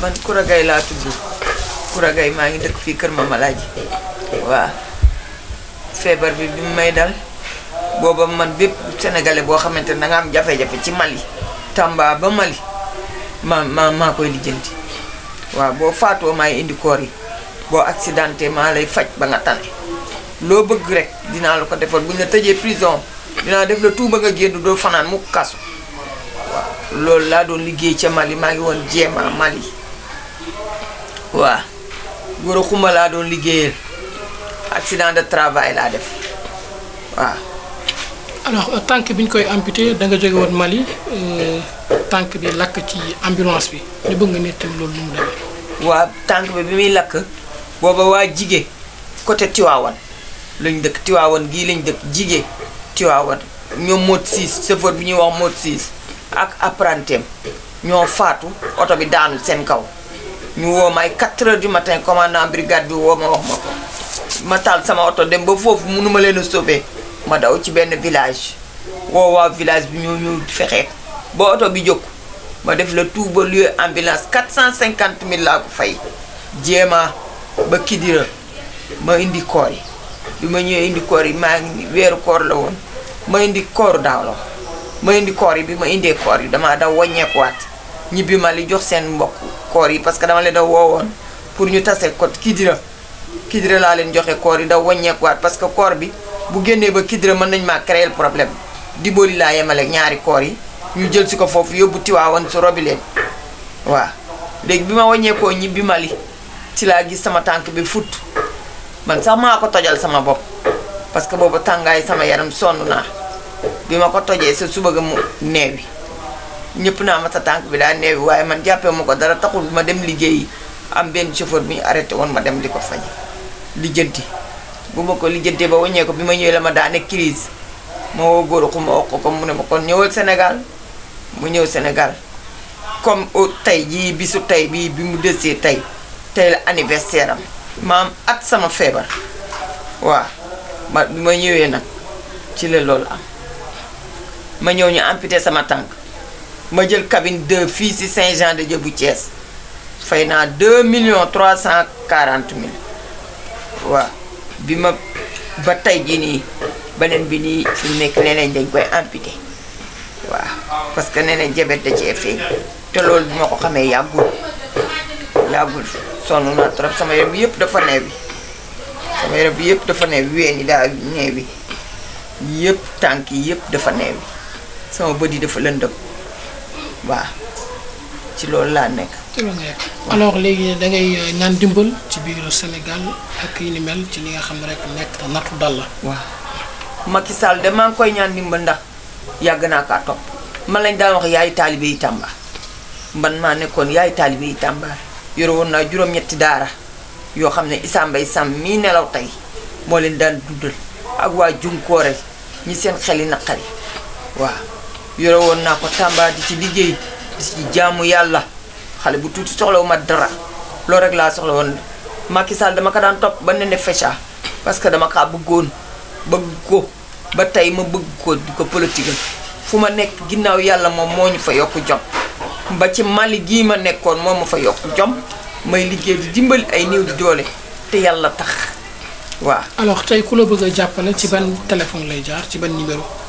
man kura Gaye laa tudd kura ngi dekk fi keur Mama Laaji wa febar bi bi may dal booba man bépp sénégalais bo xamanteni da nga am jafe-jafe ci Mali Tamba ba Mali ma ma ma koy lijeenti wa bo faato may indi koor yi bo accidenté ma lay fajj ba nga tané loo bëgg rek dina la ko défal bu la prison dina def la tuuba nga gëndu do fanaan mu kasu lol la laa doon liggéey ca Mali ma ngi won Mali waa góor a xuma laa doon liggéeyal accident de travail laa def waaw. alors euh, tànk bi ñu koy amputé da nga jóge woon Mali euh, tànk bi lakk ci ambulance bi ñu bëgg nga nettali loolu nu mu demee. waa tànk bi bi muy lakk booba waa jige côté Tiwaawan lañ dëkk Tiwaawan gii lañ dëkk jige Tiwaawan ñoom mot 6 chauffeur bi ñuy wax mot siis ak apprenti ñoo faatu oto bi daanu seen kaw. ñu woo ma ay 4 heures du matin commandant brigade bi woo ma wax ma ko ma taal sama oto dem ba foofu mënu ma leen a ma daw ci benn village woo waa village bi ñoo ñu fexee ba oto bi jóg ma def la tout ba lieu ambulance 450 000 laa ko fay jéema ba Kidira ma indi koor bi ma ñëwee indi koor yi weeru koor la woon ma indi kooru daaw ma indi koor yi bi ma indee koor yi damaa daw wàññeekuwaat ñibbi Mali jox seen mbokk koor yi parce que dama leen woo woon pour ñu tase ko Kidira Kidira laa leen joxe koor yi da wàññeekuwaat parce que koor bi bu génnee ba Kidira mën nañ maa créer problème Diboli laa yemale ñaari koor yi ñu jël si ko foofu yóbbu Tiwaawan su robi leen waaw léegi bi ma wàññeekoo ñibbi Mali ci laa gis sama tànk bi fut man sax maa ko tojal sama bopp parce que boobu tàngaay sama yaram sonn naa bi ma ko tojee sa suba ga mu neewi ñépp naa ma sa tànk bi daa neewi waaye man jàppee ma ko dara taxul ma dem liggéeyi am benn chauffeur bi ñu arrêté woon ma dem di ko faj lijjanti bu ma ko lijjantee ba waññee ko bi ma ñëwee la ma daane crise ma woo góor xuma okk ko mu ne ma kon ñëwal senegal mu ñëw senegal comme tey jii bisu tey bii bi mu desee tey tey la anniversaire am maam at sama feebar waaw ma bi ma ñëwee nag ci la loolu am ma ñëw ñu amputé sama tànk ma jël cabine 2 fii ci Saint-Jean de Dieu bu Thiès fay naa 2 millions 340 mille waaw bi ma ba tay ji ni benen bi ni fi nek leneen dañ koy amputé wa parce que nee jabet da ci feeñ té loolu bi ma ko xamee yagul yàggul sonn trop sama yaram bi yëpp dafa neewi sama yaram bi yëpp dafa neewi wéni da daa bi yëpp tànk yi yëpp dafa sama bët dafa lëndëm waaw ci loolu laa nekk. ci loolu nga léegi da ngay euh, ñaan dimbal ci biiru Sénégal ak yi ni mel ci li nga xam rek nekk nattu dal la. waaw Macky Sall de maa ngi koy ñaan ndimbal ndax yàgg naa kaa topp man lañ daan wax yaay taalibe yi Tamba man maa nekkoon yaay taalibe yi Tamba yore woon naa juróom-ñetti daara yoo xam ne Issa Mbaye Sam mii nelaw tey moo leen daan duddal ak waa Junkoore ñi seen xel yi naqari waaw. yore woon naa ko Tamba di ci liggéey di ci jaamu yàlla xale bu tuuti soxlawu ma dara loolu rek laa soxla woon Macky dama ko daan topp ba ne ne Facha parce que dama kaa bëggoon bëgg ko ba tey ma bëgg ko di ko politique fu ma nekk ginnaaw yàlla moom moo ñu fa yokk jom mba ci Mali gii ma nekkoon moom ma fa yokk jom may liggéey di dimbali ay néew di doole te yàlla tax waaw. alors tey ku la bëgg a jàppale ci ban téléphone lay jaar ci ban numéro.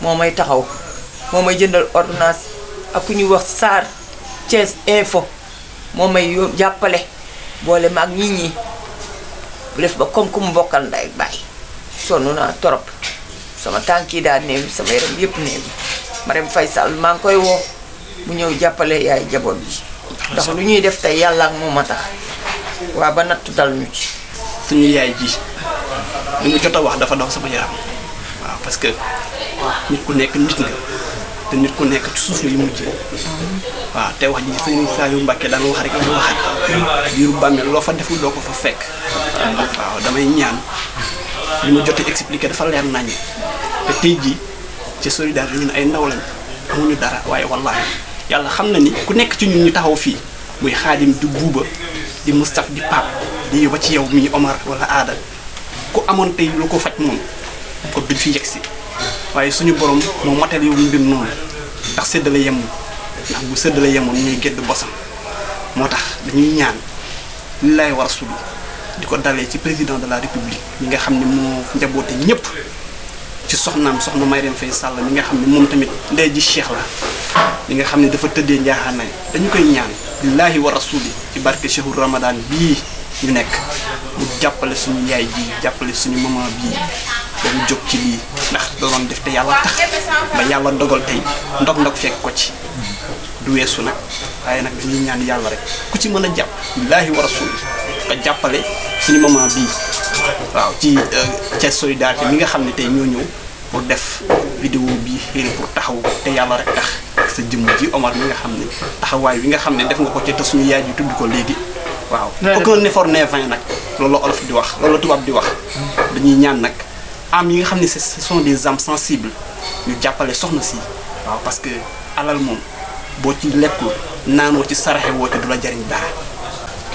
moo may taxaw moo may jëndal ordonnance ak ku ñuy wax Sarr Thiès info moo may jàppale boole ak ñii ñii bu def ba comme ku mu bokkal nday ak bàyyi sonn naa torop sama tànk yi daa néew sama yaram yëpp néew Marème fay Sall maa ngi koy woo mu ñëw jàppale yaay jaboot bi ndax lu ñuy def tey yàlla ak moom a tax waa ba nattu dal ñu ci suñu yaay ji li nga jot a wax dafa daw sama yaram waaw parce nit ku nekk nit nga te nit ku nekk ci suuf la yu mujj waaw te wax ji sëñ Saliou Mbacké daan wax rek la waxaat biiru bàmmeel loo fa deful doo ko fa fekk waaw damay ñaan li ma jot expliqué dafa leer nañu te tey jii ci solidarité ñun ay ndaw lañ amuñu dara waaye wallaahi yàlla xam na ni ku nekk ci ñun ñu taxaw fii muy xaadim di guuba di Moustapha di Pape di ba ci yow mi Omar wala aada ku amoon tey lu ko faj moom ko bil fi yegsi waaye suñu borom moo matal yow mbir noonu ndax séddale yemul ndax bu séddale yemoon ñuy gedd bosam moo tax dañuy ñaan li lay war a subi di ko dalee ci président de la république mi nga xam ni moo njaboote ñëpp ci soxnaam soxna Marième Faye Sall mi nga xam ne moom tamit ndey ji cheikh la li nga xam ne dafa tëddee njaaxaanaay dañu koy ñaan war a rasuli ci barke cheikhul ramadan bii ñu nekk mu jàppale suñu yaay ji jàppale suñu maman bii mu jóg ci lii ndax doon def te yàlla tax ba yàlla dogal tey ndog ndog fekk ko ci du weesu nag waaye nag dañuy ñaan yàlla rek ku ci mën a jàpp billaahi wa rasul nga jàppale suñu moment bii waaw ci ca euh, solidarité mi nga xam ne ñoo ñëw pour def vidéo bi xëy pour taxaw te yàlla rek tax ak sa jëmm ji Omar mi nga xam ne taxawaay bi nga xam ne def nga ko ci te suñu yaay ji tudd ko léegi waaw aucun effort n'est vain nag loolu la olof di wax loolu la di wax dañuy ñaan nag am yi nga xam ce sont des âmes sensibles ñu jàppale soxna si waaw parce que alal moom boo ci lekkul naanoo ci saraxe woo te du la jariñ dara.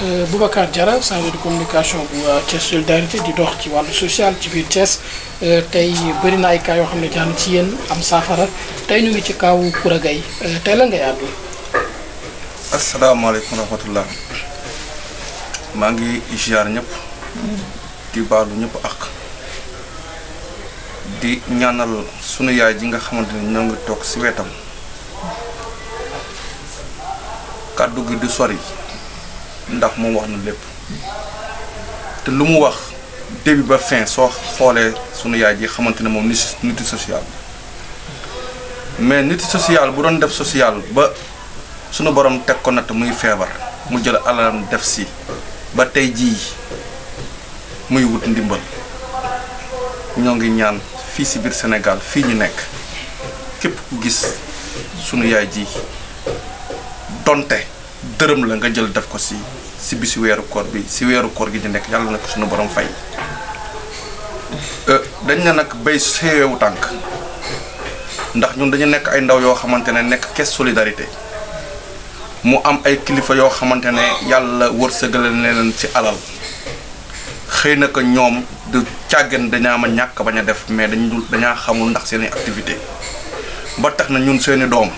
Euh, Boubacar Diarra chargé de communication bu euh, Thiès solidarité di dox ci wàllu social ci biir Thiès euh, tey bëri na ay cas yoo xam ne ci yéen am saafara tey ñu ngi ci kaw Koura Gaye tey la ngay àddu. asalaamaaleykum wa rahmatullah maa ngi ziar ñëpp mm. di baalu ñëpp ak di ñaanal suñu yaay ji nga xamanteni ñoo ngi tok si wetam kaddu gi du sori ndax mo wax na lepp te lu mu wax début ba fin so xolé suñu yaay ji xamanteni mom sosial nitu social mais nitu social bu doon def social ba suñu borom tek ko nat muy feebar mu jël alarm def si ba tay ji muy wut ndimbal ñoo ngi ñaan fii si biir Sénégal fi ñu nek képp ku gis sunu yaay ji donte deureum la nga jël def ko si ci bisu weeru koor bi si weeru koor gi di nek yalla nak suñu sunu borom fay. Euh, dañ na nak bay seewewu tank ndax ñun dañu nek ay ndaw yo xamantene nek caisse solidarité mu am ay kilifa yo xamantene yalla wërsegal leen ci alal xeyna ko ñom du càggan dañu ma ñak baña def mais dañu dañu xamul ndax seen activité ba tax na ñun seen doom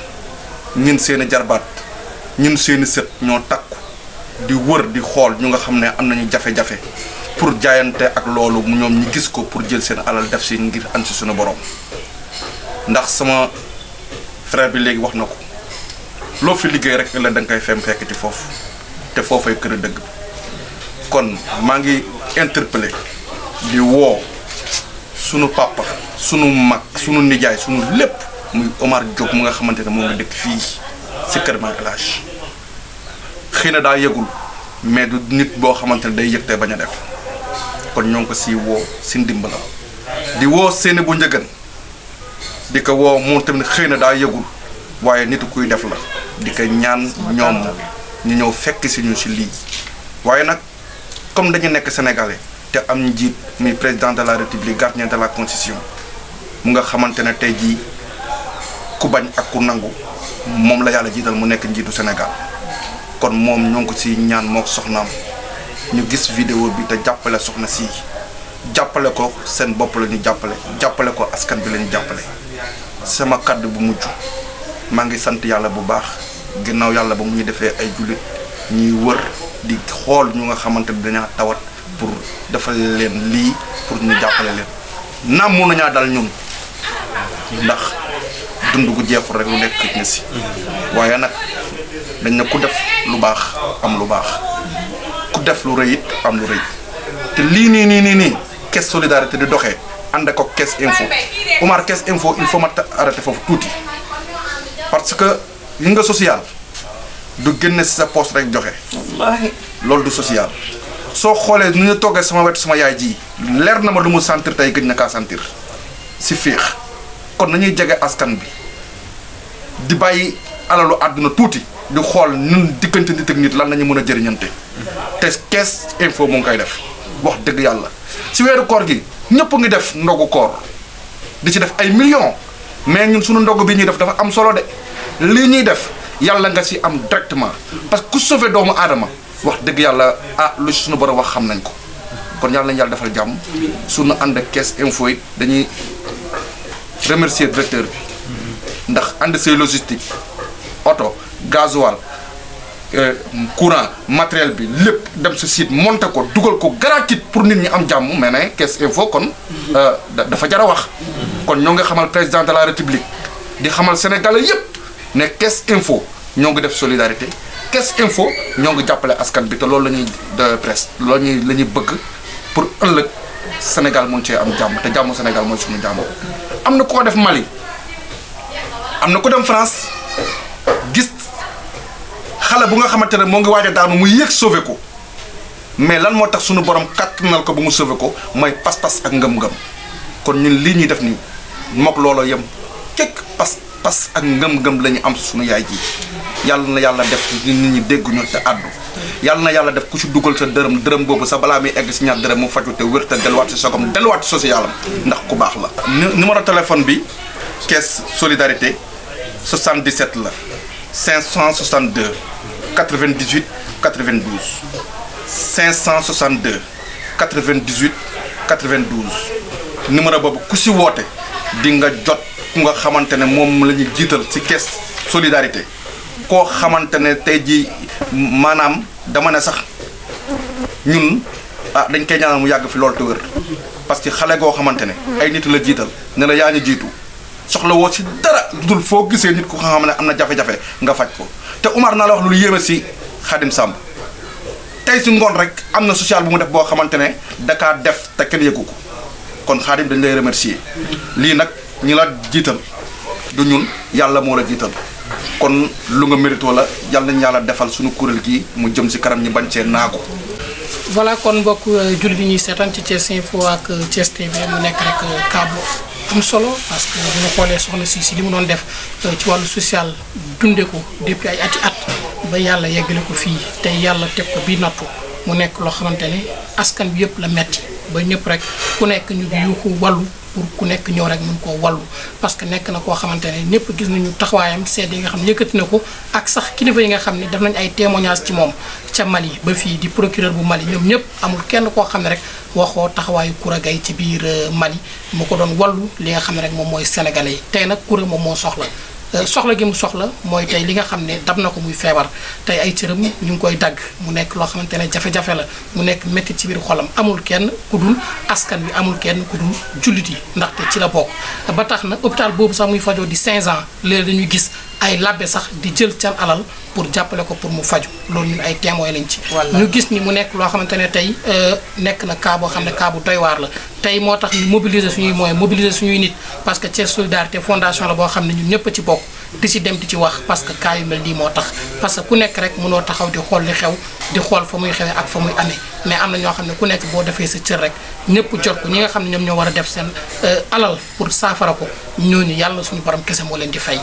ñun seen jarbat ñun seen i ño takku di wër di xol ñu nga xamne am nañu jafe-jafe pour jaayante ak loolu ñom ñu gis ko pour jël seen alal def seen ngir am ci suñu borom ndax sama frère bi légui wax nako lo fi liggéey rek la dang kay fem fekk ci fofu te fofay kër deug kon maa ngi interpellé di wo sunu papa sunu mak sunu nijaay sunu lepp muy Omar Diop mu nga xamantene mo nga dekk fi ci kër Maam El Hadj xëy mais du nit bo xamantene day yekte te def kon ñong ko si wo si di wo seen bu njëgën di ko wo mo tamni xëy da yegul waye nit kuy def la di ko ñaan ñom ñu ñew fekk ci ñu ci li waye nak comme dañu nekk sénégalais te am njiit muy président de la république gardien de la constitution mu nga xamante ne tey jii ku bañ ak ku nangu moom la yàlla jiital mu nekk njiitu Sénégal kon moom ñoo ngi ko ci ñaan moo soxnaam ñu gis vidéo bi te jàppale soxna si jàppale ko seen bopp la ñu jàppale jàppale ko askan bi la jàppale sama kàddu bu mujj maa ngi sant yàlla bu baax ginnaaw yàlla ba mu ñu defee ay jullit ñuy wër di xool ñu nga xamante ne dañaa tawat pour defal leen lii pour ñu jàppale leen naam mun nañaa dal ñun ndax dund gu jeexul rek lu nekk xëj na si waaye nag dañ na ku def lu baax am lu baax ku def lu rëy it am lu rëy te lii nii nii nii nii caisse solidarité di doxee ànd ko caisse info Omar kes info il faut ma arrêté foofu tuuti parce que li nga social du génné ci sa poste rek joxe lolou du social so xolé nu ñu toggee sama wét sama yaay ji lér na ma lu mu sentir tay gëj na ka sentir ci fiix kon nañuy jégué askan bi di bayyi alalu aduna tuuti di xol ñun dikënté nit ak nit lan lañu mëna a té kess info mo ngay def wax dëgg yalla ci wéru koor gi ñëpp ngi def ndogu koor di ci def ay millions mais ñun suñu ndogu bi ñuy def dafa am solo de li ñuy def yalla nga ci am directement parce que ku sauver doomu adama wax deug yalla ah lu suñu borom wax xam nañ ko kon yalla nañ yalla defal jàmm suñu and ak caisse Info it dañuy remercier directeur bi ndax and say logistique auto gasoil euh, courant matériel bi lepp dem ce site monter ko dugal ko gratuit pour nit ñi am jamm mais né caisse Info kon euh, dafa jara a wax kon ñoo nga xamal président de la république di xamal sénégalais yépp ne Info ñoo ngi def solidarité Info ñoo ngi jàppale askan bi te loolu la ñuy de presse loolu ñuy la ñuy bëgg pour ëllëg Sénégal mun ci am jàmm te jàmm Sénégal mooy suñu jàmm am na def Mali am na ko dem France gis xale bu nga xamante ne moo ngi waaj a daanu mu yéeg sauvé ko mais lan moo tax suñu borom ko ba mu sauvé ko mooy pas-pas ak ngëm-ngëm kon ñun lii ñuy def nii mok looloo yem kekk pas pas-pas ak ngëm-ngëm lañu ñu am suñu yaay ji yàlla na yàlla def nit ñi dégguñu te àddu yàlla na yàlla def ku ci dugal sa dërëm dërëm boobu sa balaa muy egg si ñaar dërëm mu faju te wér te delluwaat si sogom delluwaat si social am ndax ku baax la numéro téléphone bi caisse solidarité 77 la 562 98 92 562 98 92 numéro boobu ku si woote di jot ku nga xamante ne moom la ñu jiital ci caisse solidarité koo xamante ne tey jii maanaam dama ne sax ñun ah dañ koy ñaanal mu yàgg fi loolu te wér parce que xale goo xamante ne ay nit la jiital ne la yaa ñu jiitu soxla woo ci dara dul foo gisee nit ku nga xam ne am na jafe-jafe nga faj ko te Umar naa la wax lu yéeme si Xadim Samb tey ci ngoon rek am na social bu mu def boo xamante ne dakaa def te kenn yëgu ko kon Xadim dañ lay remercier lii nag ñi la jiital du ñun yàlla moo la jiital kon lu nga mérito la yàlla nañ yàlla defal suñu kuréel gi mu jëm si kanam ñu bañ naa ko voilà kon mbokk euh, jul bi ñuy seetaan ci Thiès Info ak euh, Thiès TV mu nekk rek kàddu euh, am solo parce que xoolee soxna si si li mu doon def ci wàllu social dunde ko depuis ay ati at ba yàlla yeggale ko fii te yàlla teg ko bii nattu mu nekk loo xamante ne askan bi yëpp la metti ba ñëpp rek ku nekk ñu yuuxu wàllu. pour ku nekk ñëw rek mun koo wallu parce que nekk na koo xamante ne ñëpp gis nañu taxawaayam seede yi nga xam ne yëkkati na ko ak sax kilifa yi nga xam ne def nañ ay témoignage ci moom ca Mali ba fii di procureur bu Mali ñoom ñëpp amul kenn koo xam ne rek waxoo taxawaayu Koura Gaye ci biir euh, Mali mu ko doon wallu li nga xam ne rek moom mooy sénégalais yi tey nag Koura moom moo soxla Euh, soxla gi mu soxla mooy tey li nga xam ne dab na ko muy feebar tey ay cëram ñu ngi koy dagg mu nekk loo xamante ne jafe-jafe la mu nekk métti ci biir xolam amul kenn ku dul askan bi amul kenn ku dul jullit yi ndaxte ci la bokk ba tax na hôpital boobu sax muy fajoo di 5 ans léegi dañuy gis ay labbe sax di jël seen alal pour jàppale ko pour mu faju loolu ñun ay témoin lañ ci ñu gis ni mu nekk loo xamante ne tey euh, nekk na cas boo xam ne kaabu bu la tey moo tax ñu mobiliser suñuy moyens mobiliser suñuy nit parce que Thiès Solidarité fondation la boo xam ne ñun ñëpp ci bokk di ci dem di ci wax parce que cas yu mel nii moo tax parce que ku nekk rek mënoo taxaw di xool li xew di xool fa muy xewee ak fa muy amee mais am na ñoo xam ne ku nekk boo defee sa cër rek ñëpp jot ko nga xam ne ñoom ñoo war a def seen euh, alal pour saafara ko ñooñu yàlla suñu borom kese moo leen di fay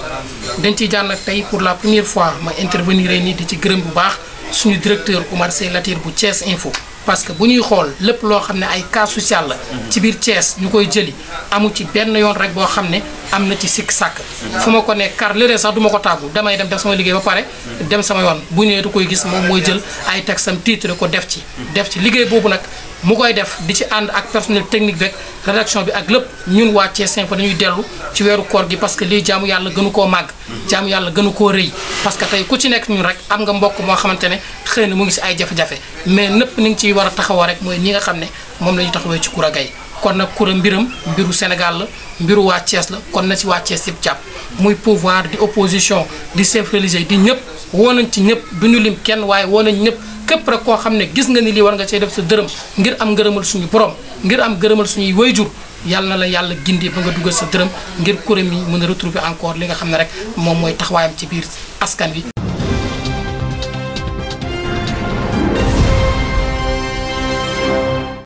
Tidiane nag tey pour la première fois ma intervenir nii di ci gërëm bu baax suñu directeur Oumar Sey Latir bu Thiès Info. parce que bu ñuy xool lépp loo xam ne ay cas social la. ci biir Thiès ñu koy jëli amu ci benn yoon rek boo xam ne. am na ci sikk sàkk fu ma ko ne kar léeg sax duma ko tàggu damay dem def sama liggéey ba pare dem sama yoon bu ñëwee du koy gis moom mooy jël ay textam titre ko def ci def ci liggéey boobu nag mu koy def di ci ànd ak personnel technique rek rédaction bi ak lépp ñun waa Thiès Info dañuy dellu ci weeru koor gi parce que lii jaamu yàlla gënu koo màgg jaamu yàlla gënu koo rëy parce que tey ku ci nekk ñun rek am nga mbokk moo xamante ne xëy na mu ngi si ay jafe mais nëpp ni nga ciy war a taxawoo rek mooy ñi nga xam ne moom la taxawee ci Koura Gaye kon nag Coura mbiram mbiru Sénégal la mbiru waa la kon na si waa Thiès yëpp jàpp muy pouvoir di opposition di chef religieux di ñëpp woo nañ ci ñëpp du ñu lim kenn waaye woo nañ ñëpp képp rek koo xam ne gis nga ni lii war nga see def sa dërëm ngir am ngërëmal suñu borom ngir am ngërëmal suñuy jur yàlla na la yàlla gindi ba nga dugal sa dërëm ngir kure mi mën a retrouver encore li nga xam ne rek moom mooy taxawaayam ci biir askan wi